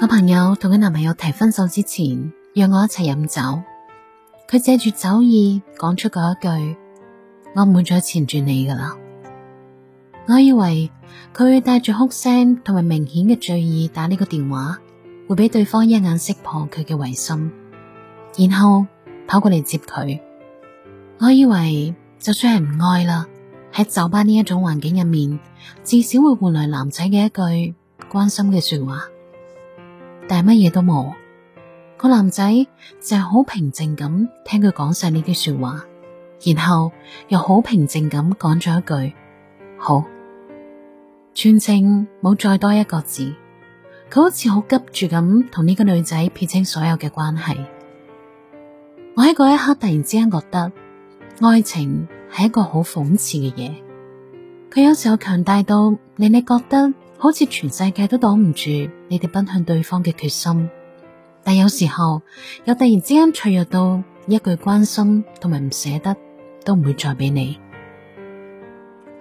我朋友同佢男朋友提分手之前，約我一齊飲酒。佢借住酒意講出嗰一句：我唔會再纏住你噶啦。我以為佢會帶住哭聲同埋明顯嘅醉意打呢個電話，會俾對方一眼識破佢嘅違心，然後跑過嚟接佢。我以為就算係唔愛啦，喺酒吧呢一種環境入面，至少會換來男仔嘅一句關心嘅說話。但係乜嘢都冇，個男仔就係好平靜咁聽佢講晒呢啲說話，然後又好平靜咁講咗一句，好全程冇再多一個字，佢好似好急住咁同呢個女仔撇清所有嘅關係。我喺嗰一刻突然之間覺得，愛情係一個好諷刺嘅嘢，佢有時候強大到令你覺得。好似全世界都擋唔住你哋奔向對方嘅決心，但有時候又突然之間脆弱到一句關心同埋唔捨得都唔會再俾你。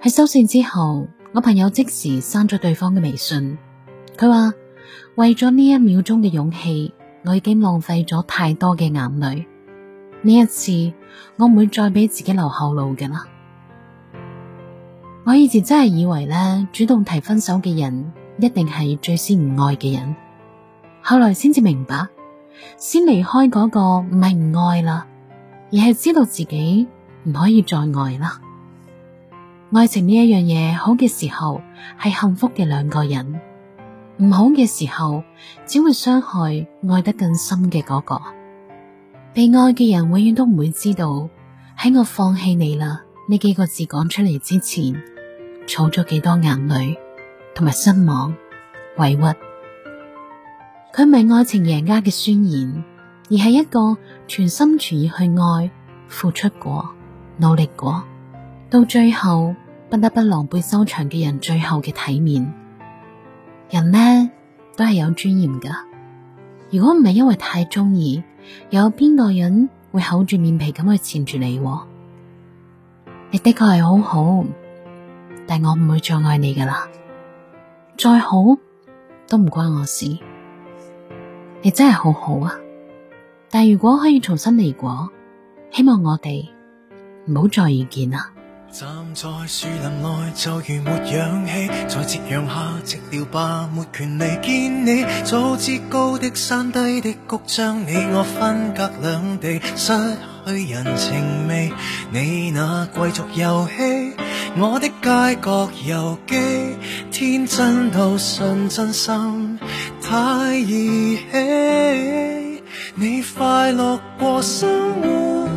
喺收線之後，我朋友即時刪咗對方嘅微信。佢話為咗呢一秒鐘嘅勇氣，我已經浪費咗太多嘅眼淚。呢一次，我唔會再俾自己留後路嘅啦。我以前真係以為咧，主動提分手嘅人一定係最先唔愛嘅人。後來先至明白，先離開嗰個唔係唔愛啦，而係知道自己唔可以再愛啦。愛情呢一樣嘢，好嘅時候係幸福嘅兩個人，唔好嘅時候只會傷害愛得更深嘅嗰個。被愛嘅人永遠都唔會知道喺我放棄你啦呢幾個字講出嚟之前，儲咗幾多眼淚，同埋失望、委屈，佢唔係愛情贏家嘅宣言，而係一個全心全意去愛、付出過、努力過，到最後不得不狼狽收場嘅人最後嘅體面。人呢都係有尊嚴噶，如果唔係因為太中意，有邊個人會厚住面皮咁去纏住你？你的確係好好。但我唔會再愛你噶啦，再好都唔關我事。你真係好好啊！但如果可以重新嚟過，希望我哋唔好再遇見啊！站在樹林內就如沒氧氣，在夕陽下寂寥吧，沒權利見你。早知高的山低的谷將你我分隔兩地，失去人情味。你那貴族遊戲。我的街角遊記，天真到信真心，太兒戲。你快樂過生活，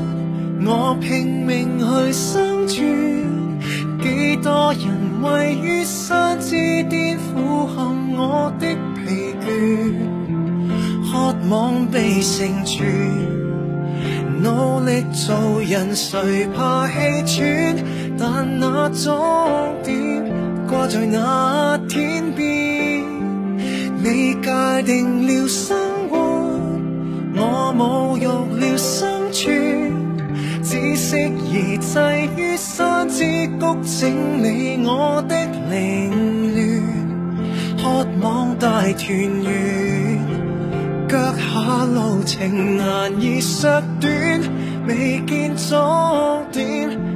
我拼命去生存。幾多人位於山之巔，俯瞰我的疲倦，渴望被成全。努力做人，誰怕氣喘？但那終點掛在那天邊，你界定了生活，我侮辱了生存，只適宜滯於山之谷，整理我的凌亂，渴望大團圓，腳下路程難以削短，未見終點。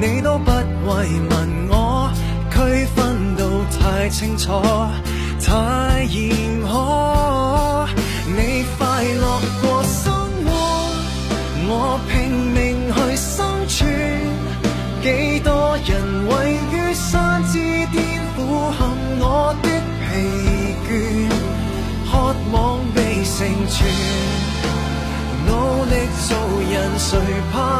你都不慰問我，區分到太清楚，太嚴苛。你快樂過生活，我拼命去生存。幾多人位於山之巔，俯瞰我的疲倦，渴望被成全，努力做人，誰怕？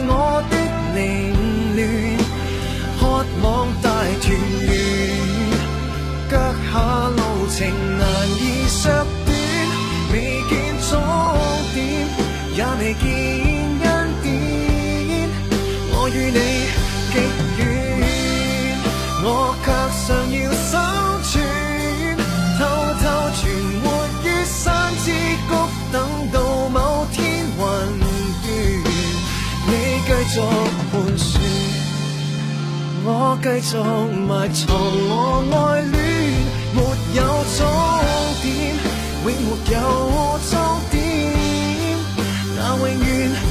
作盤算，我繼續埋藏我愛戀，沒有終點，永沒有終點，但永遠。